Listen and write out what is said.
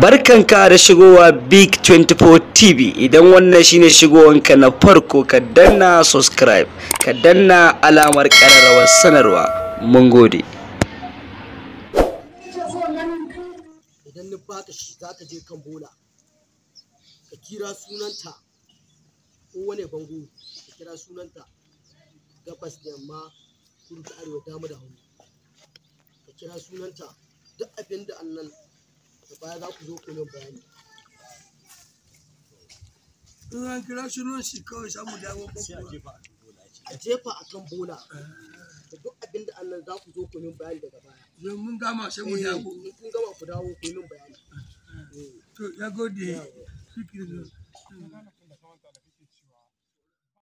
barkan ka da shigowa big 24 tv idan wannan shine shigowanka na farko ka danna subscribe ka danna alamar kararrawar sanarwa mun gode idan ni baka shi za ka je kan bola ka kira sunanta kowane bango ka kira sunanta gabas da yamma kudu da arewa dama da hannu ka kira sunanta duk abin da annan baya za ku zo ku yin bayani in an kira shi kawai samu a jefa a kan bola eh. da duk abinda Allah za ku zo ku yin bayani daga baya yau mun gama sai eh, dawo gama ku dawo ku yin bayani eh. to ya gode